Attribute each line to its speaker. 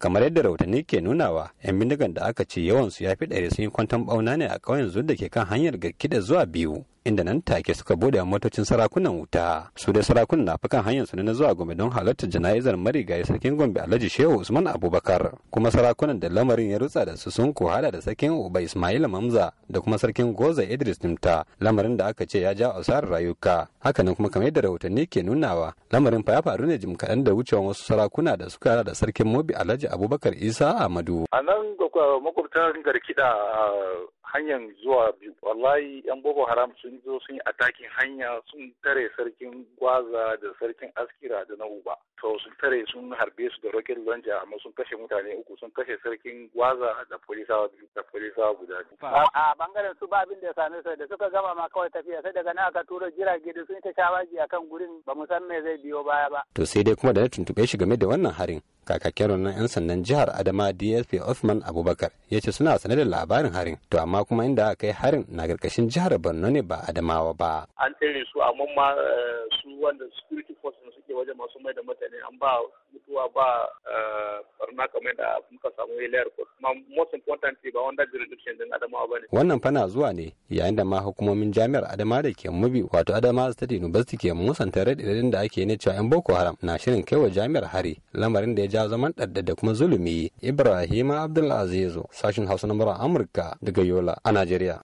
Speaker 1: kamar yadda rahotanni ke nunawa yan bindigan da aka ce yawansu ya fi ɗari sun yi kwanton ɓauna ne a ƙauyen zuwa da ke kan hanyar garkida zuwa biyu inda nan take suka bude motocin sarakunan wuta su da sarakunan na fakan hanyar su na zuwa gombe don halartar jana'izar marigayi sarkin gombe alhaji shehu usman abubakar kuma sarakunan da lamarin ya rutsa da su sun ko da sarkin uba ismail mamza da kuma sarkin goza idris dimta lamarin da aka ce ya ja asarar rayuka hakanan kuma kamar yadda rahotanni ke nunawa lamarin fa ya faru ne jim kaɗan da wucewan wasu sarakuna da suka hada da sarkin mobi alhaji abubakar isa amadu
Speaker 2: a nan makwabtan garkida hanyar zuwa biyu wallahi yan boko haram sun zo sun yi atakin hanya sun tare sarkin gwaza da sarkin askira da na uba sun tare sun harbe su da rocket launcher amma sun kashe mutane uku sun kashe sarkin gwaza da polisawa da polisawa guda biyu. A bangaren su ba abin da ya same su da suka gama ma kawai tafiya sai daga nan aka turo jirage da sun ta shawagi a kan gurin ba mu san me zai biyo baya ba.
Speaker 1: To sai dai kuma da na tuntuɓe shi game da wannan harin kakakken nan 'yan sandan jihar Adama DSP Osman Abubakar ya ce suna sane da labarin harin to amma kuma inda aka kai harin na karkashin jihar Borno ne ba Adamawa ba.
Speaker 2: An tsere su amma ma eh, su wanda security force suke wajen an ba mutuwa ba eh, barna kamar da muka samu hiliyar ko kuma most important ba wanda jurisdiction din adamawa ba ne.
Speaker 1: Wannan fana zuwa ne yayin da ma hukumomin jami'ar Adama da ke mubi wato Adama State University ke musanta raɗaɗin da ake ne cewa 'yan Boko Haram na shirin kaiwa jami'ar hari lamarin da ya ja zaman ɗadda da kuma zulumi Ibrahima Abdulaziz sashin Hausa na Amurka daga Yola a Najeriya.